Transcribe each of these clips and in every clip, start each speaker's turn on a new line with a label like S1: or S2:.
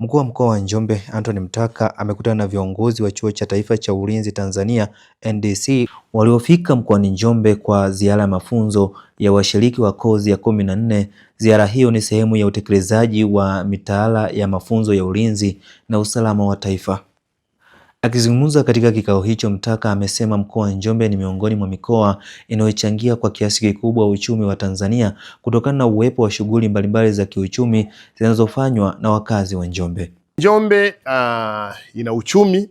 S1: Mkuu wa Mkoa wa Njombe Anthony Mtaka amekutana na viongozi wa Chuo cha Taifa cha Ulinzi Tanzania NDC waliofika mkoani Njombe kwa ziara ya mafunzo ya washiriki wa kozi ya kumi na nne. Ziara hiyo ni sehemu ya utekelezaji wa mitaala ya mafunzo ya ulinzi na usalama wa taifa. Akizungumza katika kikao hicho, Mtaka amesema mkoa wa Njombe ni miongoni mwa mikoa inayochangia kwa kiasi kikubwa uchumi wa Tanzania kutokana na uwepo wa shughuli mbalimbali za kiuchumi zinazofanywa na wakazi wa Njombe.
S2: Njombe uh, ina uchumi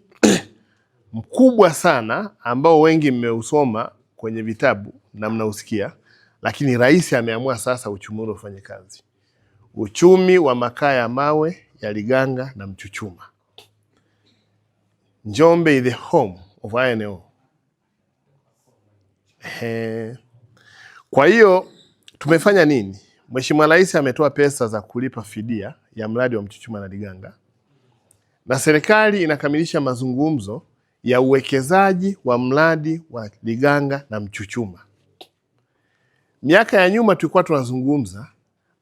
S2: mkubwa sana ambao wengi mmeusoma kwenye vitabu na mnausikia, lakini rais ameamua sasa uchumi ule ufanye kazi. Uchumi wa makaa ya mawe ya Liganga na Mchuchuma Njombe is the home of INO. He. Kwa hiyo tumefanya nini? Mheshimiwa Rais ametoa pesa za kulipa fidia ya mradi wa Mchuchuma na Liganga na serikali inakamilisha mazungumzo ya uwekezaji wa mradi wa Liganga na Mchuchuma. Miaka ya nyuma tulikuwa tunazungumza,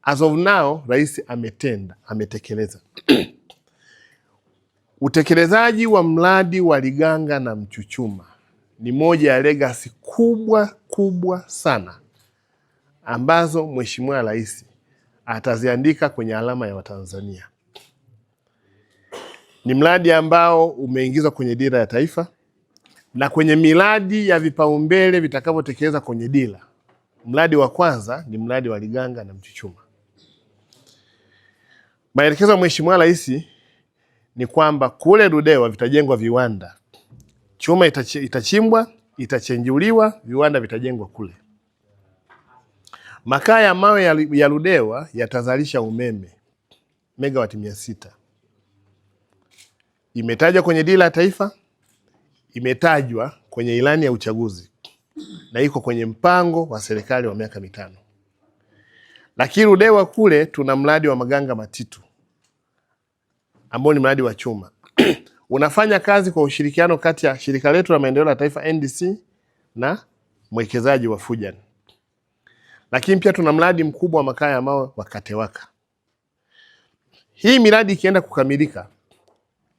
S2: as of now rais ametenda, ametekeleza Utekelezaji wa mradi wa Liganga na Mchuchuma ni moja ya legasi kubwa kubwa sana ambazo Mheshimiwa Rais ataziandika kwenye alama ya Watanzania. Ni mradi ambao umeingizwa kwenye dira ya taifa na kwenye miradi ya vipaumbele vitakavyotekeleza kwenye dira. Mradi wa kwanza ni mradi wa Liganga na Mchuchuma. Maelekezo ya Mheshimiwa Rais ni kwamba kule Ludewa vitajengwa viwanda, chuma itachimbwa, itachenjuliwa, viwanda vitajengwa kule. Makaa ya mawe ya Ludewa yatazalisha umeme megawati mia sita. Imetajwa kwenye dira ya taifa, imetajwa kwenye ilani ya uchaguzi na iko kwenye mpango wa serikali wa miaka mitano. Lakini Ludewa kule tuna mradi wa Maganga Matitu ambao ni mradi wa chuma unafanya kazi kwa ushirikiano kati ya shirika letu la maendeleo la taifa NDC na mwekezaji wa Fujan. Lakini pia tuna mradi mkubwa wa makaa ya mawe wa Katewaka. Hii miradi ikienda kukamilika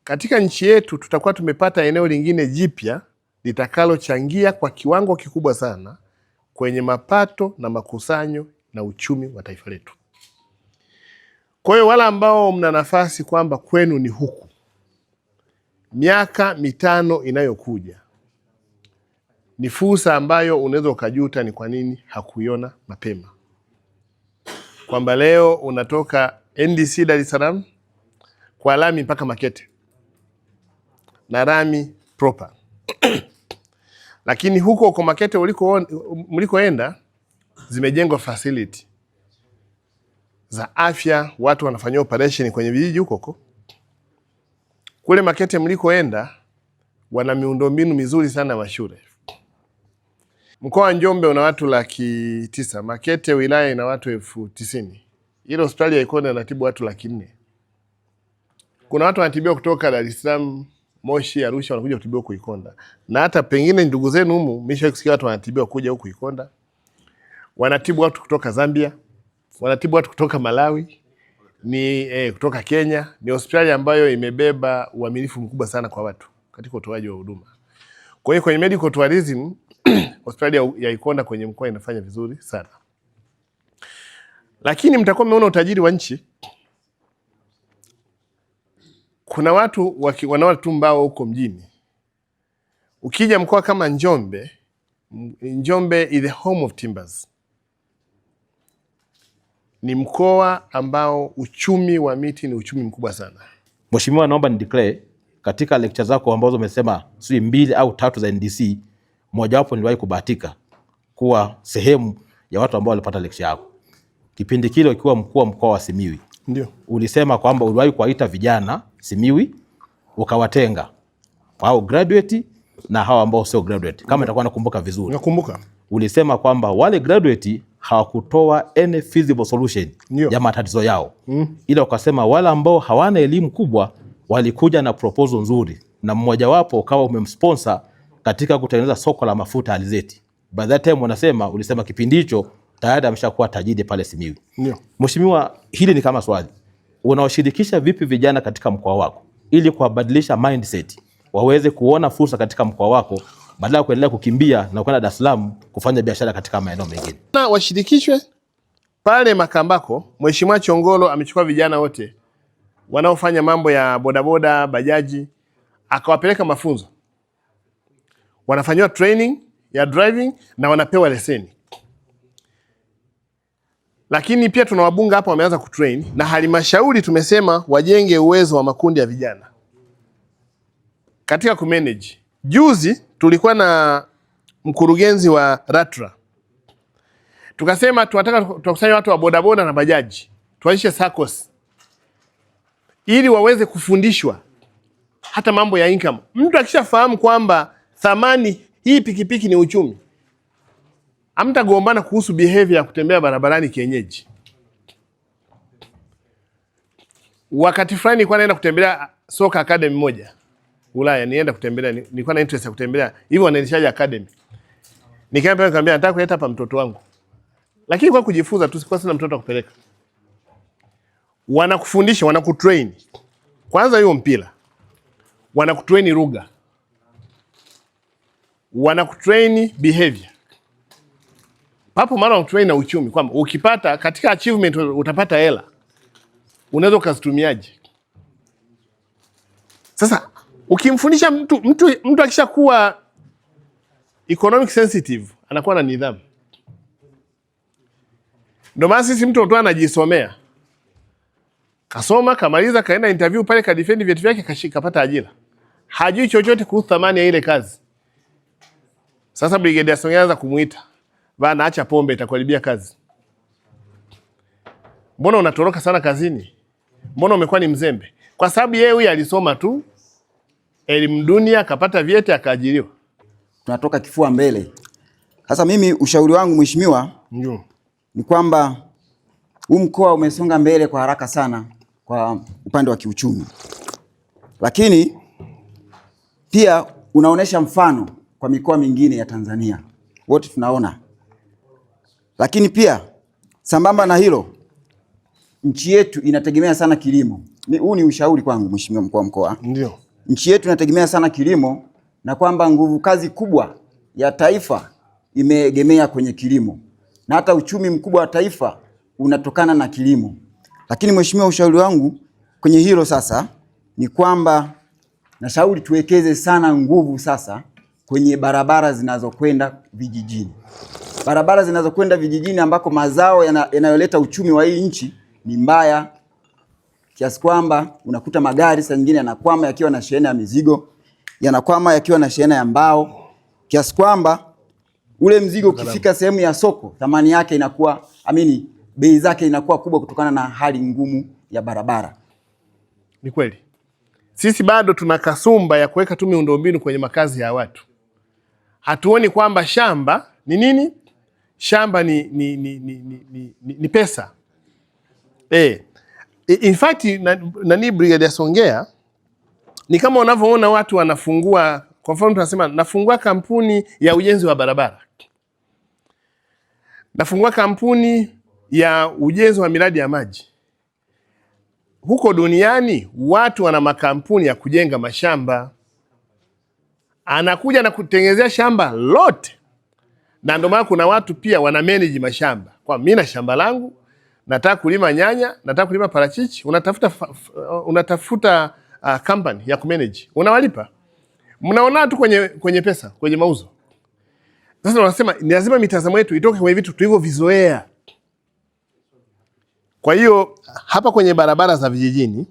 S2: katika nchi yetu, tutakuwa tumepata eneo lingine jipya litakalochangia kwa kiwango kikubwa sana kwenye mapato na makusanyo na uchumi wa taifa letu. Kwa hiyo wale ambao mna nafasi kwamba kwenu ni huku, miaka mitano inayokuja ni fursa ambayo unaweza ukajuta ni kwa nini hakuiona mapema, kwamba leo unatoka NDC Dar es Salaam kwa lami mpaka Makete na lami proper lakini huko uko Makete mlikoenda zimejengwa facility za afya, watu wanafanyia operation kwenye vijiji huko huko. Kule Makete mlikoenda wana miundombinu mizuri sana ya mashule. Mkoa wa Njombe una watu laki tisa, Makete wilaya ina watu elfu tisini. Ile hospitali ya Ikona inatibu watu laki nne. Kuna watu wanatibiwa kutoka Dar es Salaam, Moshi, Arusha wanakuja kutibiwa huku Ikonda. Na hata pengine ndugu zenu humu mmeshawahi kusikia watu wanatibiwa kuja huku Ikonda. Wanatibu watu kutoka Zambia wanatibu watu kutoka Malawi ni eh, kutoka Kenya. Ni hospitali ambayo imebeba uaminifu mkubwa sana kwa watu katika utoaji wa huduma. Kwa hiyo kwenye medical tourism hospitali ya, Ikonda kwenye mkoa inafanya vizuri sana, lakini mtakuwa mmeona utajiri wa nchi. Kuna watu tu mbao huko mjini. Ukija mkoa kama Njombe, Njombe is the home of timbers ni mkoa ambao uchumi wa miti ni uchumi mkubwa sana.
S1: Mheshimiwa, naomba ni declare katika lecture zako ambazo umesema sijui mbili au tatu za NDC, mojawapo niliwahi kubahatika kuwa sehemu ya watu ambao walipata lecture yako. Kipindi kile ukiwa mkuu wa mkoa wa Simiwi, ndio ulisema kwamba uliwahi kuwaita vijana Simiwi ukawatenga wao graduate na hawa ambao sio graduate, kama itakuwa mm. nakumbuka vizuri. Nakumbuka ulisema kwamba wale graduate hawakutoa any feasible solution Nyo. ya matatizo yao mm. ila ukasema wale ambao hawana elimu kubwa walikuja na proposal nzuri, na mmoja wapo ukawa umemsponsor katika kutengeneza soko la mafuta alizeti. By that time wanasema, ulisema kipindi hicho tayari ameshakuwa tajiri pale Simiyu. Mheshimiwa, hili ni kama swali, unaoshirikisha vipi vijana katika mkoa wako ili kuwabadilisha mindset waweze kuona fursa katika mkoa wako badala ya kuendelea kukimbia na kwenda Dar es Salaam kufanya biashara katika maeneo mengine.
S2: Na washirikishwe pale Makambako, Mheshimiwa Chongolo amechukua vijana wote wanaofanya mambo ya bodaboda, bajaji akawapeleka mafunzo, Wanafanywa training ya driving na wanapewa leseni. Lakini pia tuna wabunge hapa wameanza kutrain, na halmashauri tumesema wajenge uwezo wa makundi ya vijana katika kumanage. Juzi tulikuwa na mkurugenzi wa ratra tukasema tunataka tuwakusanya watu wa bodaboda na bajaji tuanzishe SACCOS ili waweze kufundishwa hata mambo ya income. Mtu akishafahamu kwamba thamani hii pikipiki ni uchumi, amtagombana kuhusu behavior ya kutembea barabarani kienyeji. Wakati fulani nilikuwa naenda kutembelea soka academy moja Ulaya nienda kutembelea, nilikuwa na interest ya kutembelea hivyo wanaendeshaje academy. Nikaambia nikamwambia nataka kuleta hapa mtoto wangu. Lakini kwa kujifunza tu, sikuwa sina mtoto wa kupeleka. Wanakufundisha, wanakutrain. Kwanza hiyo mpira. Wanakutrain lugha. Wanakutrain behavior. Papo mara wanakutrain na uchumi kwamba ukipata katika achievement utapata hela. Unaweza ukazitumiaje? Sasa Ukimfundisha mtu mtu, mtu akishakuwa economic sensitive anakuwa na nidhamu. Ndio maana sisi mtu mtu anajisomea, kasoma kamaliza, kaenda interview pale, kadefend vyeti vyake, kashika ajira, hajui chochote kuhusu thamani ya ile kazi. Sasa Brigadier Songea anaanza kumuita bana, acha pombe, itakuharibia kazi. Mbona unatoroka sana kazini? Mbona umekuwa ni mzembe? Kwa sababu yeye huyu alisoma tu elimu dunia, akapata vyeti, akaajiriwa.
S3: Tunatoka kifua mbele. Sasa mimi ushauri wangu mheshimiwa, ndio ni kwamba huu mkoa umesonga mbele kwa haraka sana kwa upande wa kiuchumi, lakini pia unaonesha mfano kwa mikoa mingine ya Tanzania, wote tunaona. Lakini pia sambamba na hilo, nchi yetu inategemea sana kilimo. Huu ni ushauri kwangu mheshimiwa mkuu wa mkoa, ndio nchi yetu inategemea sana kilimo na kwamba nguvu kazi kubwa ya taifa imeegemea kwenye kilimo na hata uchumi mkubwa wa taifa unatokana na kilimo. Lakini mheshimiwa, ushauri wangu kwenye hilo sasa ni kwamba nashauri tuwekeze sana nguvu sasa kwenye barabara zinazokwenda vijijini, barabara zinazokwenda vijijini ambako mazao yanayoleta yana uchumi wa hii nchi ni mbaya kiasi kwamba unakuta magari saa nyingine yanakwama yakiwa na shehena ya mizigo, yanakwama yakiwa na shehena ya mbao, kiasi kwamba ule mzigo ukifika sehemu ya soko thamani yake inakuwa amini, bei zake inakuwa kubwa kutokana na hali ngumu ya barabara.
S2: Ni kweli sisi bado tuna kasumba ya kuweka tu miundombinu kwenye makazi ya watu. Hatuoni kwamba shamba ni nini? Shamba ni, ni, ni, ni, ni, ni, ni pesa eh. In fact nani brigade Songea ni kama unavyoona watu wanafungua, kwa mfano tunasema nafungua kampuni ya ujenzi wa barabara, nafungua kampuni ya ujenzi wa miradi ya maji. Huko duniani watu wana makampuni ya kujenga mashamba, anakuja na kutengenezea shamba lote, na ndio maana kuna watu pia wana manage mashamba, kwa mimi na shamba langu nataka kulima nyanya, nataka kulima parachichi, unatafuta uh, unatafuta uh, company ya kumanage, unawalipa, mnaona tu kwenye kwenye pesa, kwenye mauzo. Sasa wanasema ni lazima mitazamo yetu itoke kwenye vitu tulivyovizoea. Kwa hiyo hapa kwenye barabara za vijijini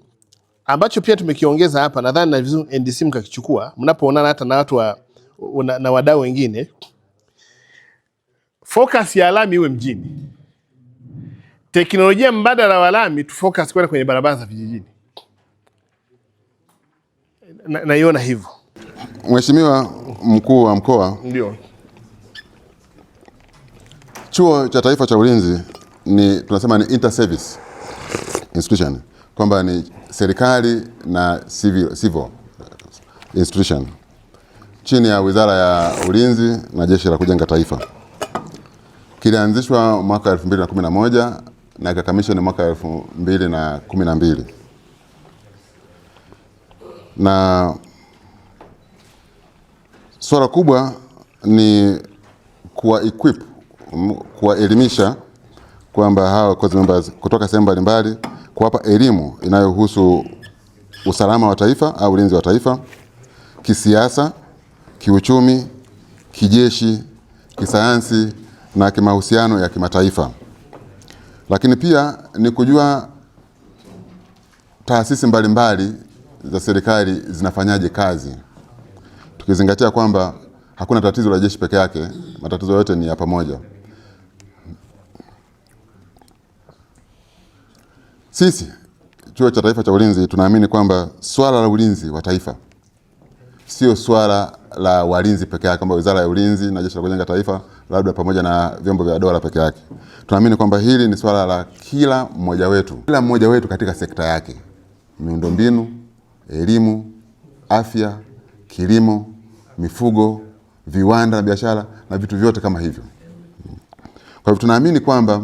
S2: ambacho pia tumekiongeza hapa, nadhani na vizuri NDC mkakichukua mnapoonana hata na watu wa, na wadau wengine, focus ya alami iwe mjini teknolojia mbadala wa lami tufocus kwenda kwenye barabara za vijijini, naiona na hivyo.
S4: Mheshimiwa mkuu wa mkoa, ndio Chuo cha Taifa cha Ulinzi ni tunasema ni inter service institution, kwamba ni serikali na civil, civil institution chini ya Wizara ya Ulinzi na Jeshi la Kujenga Taifa. Kilianzishwa mwaka 2011 na ni mwaka elfu mbili na kumi na mbili na swala kubwa ni kuwa equip kuwaelimisha kwamba hawa course members kutoka sehemu mbalimbali, kuwapa elimu inayohusu usalama wa taifa au ulinzi wa taifa, kisiasa, kiuchumi, kijeshi, kisayansi na kimahusiano ya kimataifa. Lakini pia ni kujua taasisi mbalimbali za serikali zinafanyaje kazi, tukizingatia kwamba hakuna tatizo la jeshi peke yake, matatizo yote ni ya pamoja. Sisi Chuo cha Taifa cha Ulinzi tunaamini kwamba swala la ulinzi wa taifa sio swala la walinzi peke yake, kwamba Wizara ya Ulinzi na Jeshi la Kujenga Taifa labda pamoja na vyombo vya dola peke yake. Tunaamini kwamba hili ni swala la kila mmoja wetu, kila mmoja wetu katika sekta yake, miundombinu, elimu, afya, kilimo, mifugo, viwanda na biashara na vitu vyote kama hivyo. Kwa hivyo tunaamini kwamba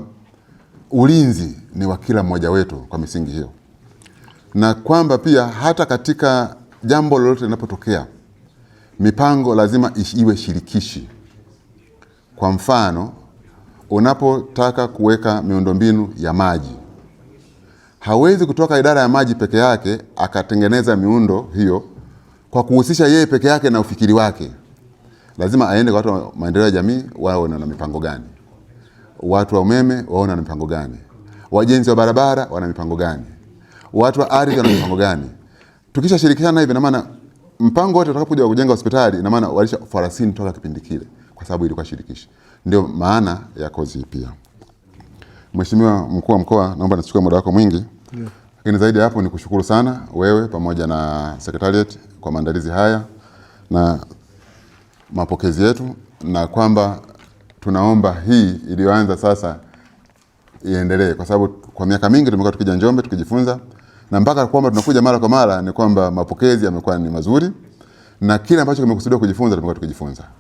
S4: ulinzi ni wa kila mmoja wetu kwa misingi hiyo, na kwamba pia hata katika jambo lolote linapotokea mipango lazima iwe shirikishi. Kwa mfano, unapotaka kuweka miundombinu ya maji, hawezi kutoka idara ya maji peke yake akatengeneza miundo hiyo kwa kuhusisha yeye peke yake na ufikiri wake. Lazima aende kwa watu wa maendeleo ya jamii, wao wana mipango gani? Watu wa umeme wao wana mipango gani? Wajenzi wa barabara wana mipango gani? Watu wa ardhi wana mipango gani? Tukishashirikiana hivi, na maana mpango wote utakapokuja kujenga hospitali, na maana walisha farasini toka kipindi kile kwa sababu ilikuwa shirikishi. Ndio maana ya kozi hii pia. Mheshimiwa mkuu wa mkoa, naomba nisichukue muda wako mwingi, lakini yeah, zaidi ya hapo ni kushukuru sana wewe pamoja na Secretariat kwa maandalizi haya na mapokezi yetu, na kwamba tunaomba hii iliyoanza sasa iendelee, kwa sababu kwa miaka mingi tumekuwa tukija Njombe tukijifunza, na mpaka kwamba tunakuja mara kwa mara ni kwamba mapokezi yamekuwa ni mazuri na kile ambacho kimekusudiwa kujifunza tumekuwa tukijifunza.